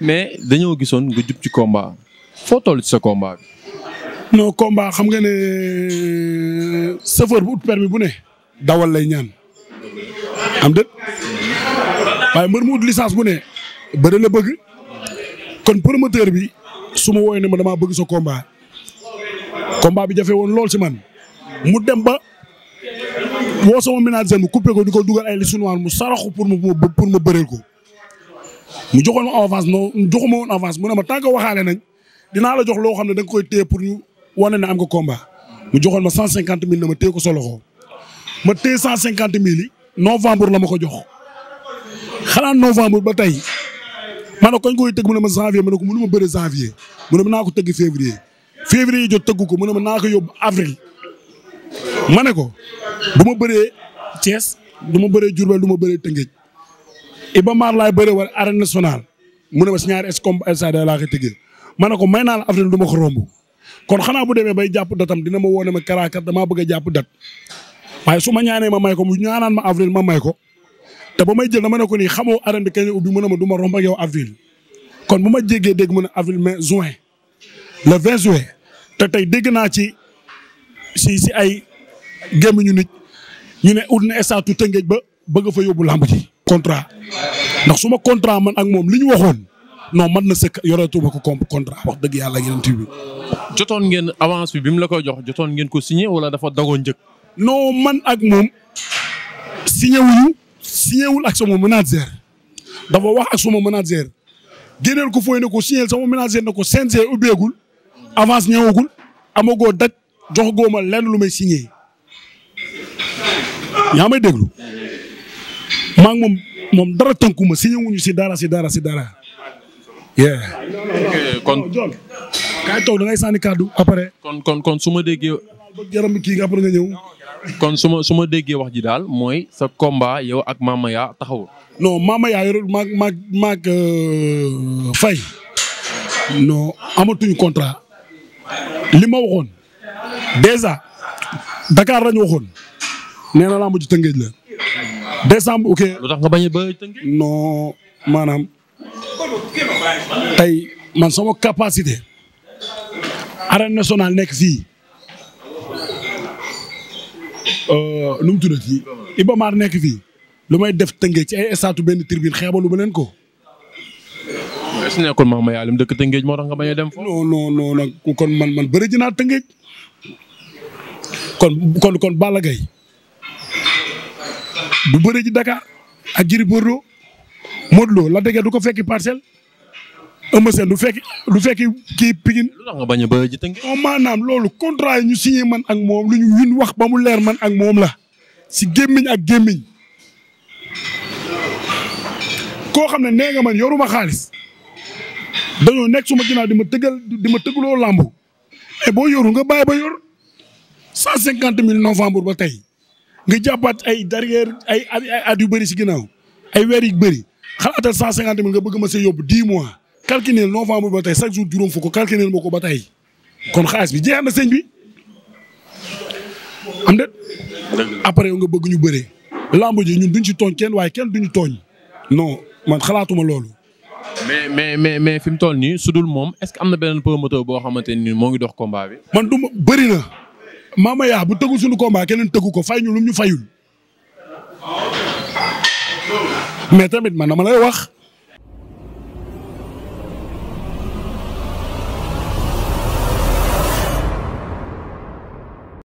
mais dañoo gisoon nga jub ci combat foo toll ci sa combat noo non xam nga ne euh, chauffeur bu ut permis bu ne. dawal lay ñaan. am dët waaye mbër mu ut licence bu ne. bëri la bëgg. kon promoteur bi su ma wooyee ne ma damaa bëgg sa combat. combat bi jafe woon lool si man. mu dem ba woo sama ménagère mu coupé ko di ko dugal ay li mu saraxu pour mu pour ma bëreel ko. mu joxoon ma avance non joxuma woon avance mu ne ma tant que waxaale nañ dinaa la jox loo xam ne da koy téye pour ñu wane ne am nga combat mu joxoon ma cent cinquante mille ne ma téye ko sa loxo ma téye cinquante mille yi novembre la ma ko jox xalaat novembre ba tey ma ne koñ koy tëgg mu ne ma janvier ma ne ko mënu ma bëre janvier mu ne ma naa ko tëgg février février yi jot tëgg ko mu ne ma naa ko yóbbu avril ma ne ko bu ma bëree Thiès du ma bëree Diourbel du ma bëree Tëngéej Iba Mar laay bëre war arène nationale mu ne ma si ñaari escombe stade laa ko tëggee ma ne ko may naa la affaire du ko romb kon xanaa bu demee bay jàpp datam dina ma woo ne ma karaakat damaa bëgg a jàpp dat waaye su ma ñaanee ma may ko mu ñaanaan ma avril ma may ko te ba may jël ma ne ko nii xamoo arène bi kañ ubbi mu a ma du ma romb ak yow avril kon bu ma jéggee dégg mu ne avril mai juin le 20 juin te tey dégg naa ci si si ay gémmiñu nit ñu ne ut na estatu ba bëgg fa yóbbu làmb ji contrat ndax suma contrat man ak moom li ñu waxoon non man na sëkk yoreetuma ko contrat wax dëgg yàlla yeneen bi jotoon ngeen avance bi bi mu la koy jox jotoon geen ko signé wala dafa dagoon njëkk. non man ak moom signé wuñu signé wul ak sama manager dafa wax ak sama manager génneel ko fooy ne ko signé sama manager na ko u ubbeegul avance ñëwagul amagoo daj jox góoma lenn lu may signé yaa may maa moom moom dara tënkuma si ñëwuñu si dara si dara si dara. kon oh, kaay toog da ngay sànni kàddu après. kon kon kon su ma déggee. yaram kii après nga ñëw. kon su ma su ma déggee wax ji daal mooy sa combat yow ak Mama Yaa taxawul. non Mama Yaa yorul maag maag maag euh, Faye. non contrat. li ma waxoon. dèjà. Dakar la ñu waxoon. nee na laa mujj Tëngéej la. décembre ok. lu tax nga bañ a ba maanaam tey man sama capacité. arène nationale nekk fii euh, nu mu tuddati Iba Mar nekk fii lu may def tëngee ci ay estaatu benn tribune xeebalu ba ko. est ce nekkul maama yaa lim dëkk tëngéej moo tax nga bañ a dem. non non non man man bëri ji naa kon kon du bëre ji Dakar ak Gris Bordeaux Modou la dégg du ko fekki parcelle Eumeu Sène du fekki du fekki kii Pikine. lu tax bañ a bëre ji maanaam loolu contrat yi ñu signé man ak moom lu ñu win wax ba mu leer man ak moom la si gémmiñ ak gémmiñ koo xam ne nee man yoruma xaalis dañoo nekk suma ginnaaw di ma tëggal di ma tëggloo làmb. mais boo yoru nga bàyyi ba yor cent cinquante mille novembre ba tey. nga jàppaat ay derrière ay at yu bëri si ginnaaw ay weer yu bëri xalaatal cent cinquante mille nga bëgg ma see yóbbu dix mois calculer novembre ba tey chaque jour juróom fukk calculer ma ko ba tey kon xaalis bi jeex na sëñ bi am na après nga bëgg ñu bëree lamb ji ñun duñ ci tooñ kenn waaye kenn duñu tooñ non man xalaatuma loolu mais mais mais mais fi mu toll nii su dul moom est-ce que am na beneen promoteur boo xamante ni moo ngi dox combat bi man du ma bëri na Mama yaa bu tëggu suñu combat keneen tëggu ko fay ñu lum ñu fayul mais ma man dama lay wax.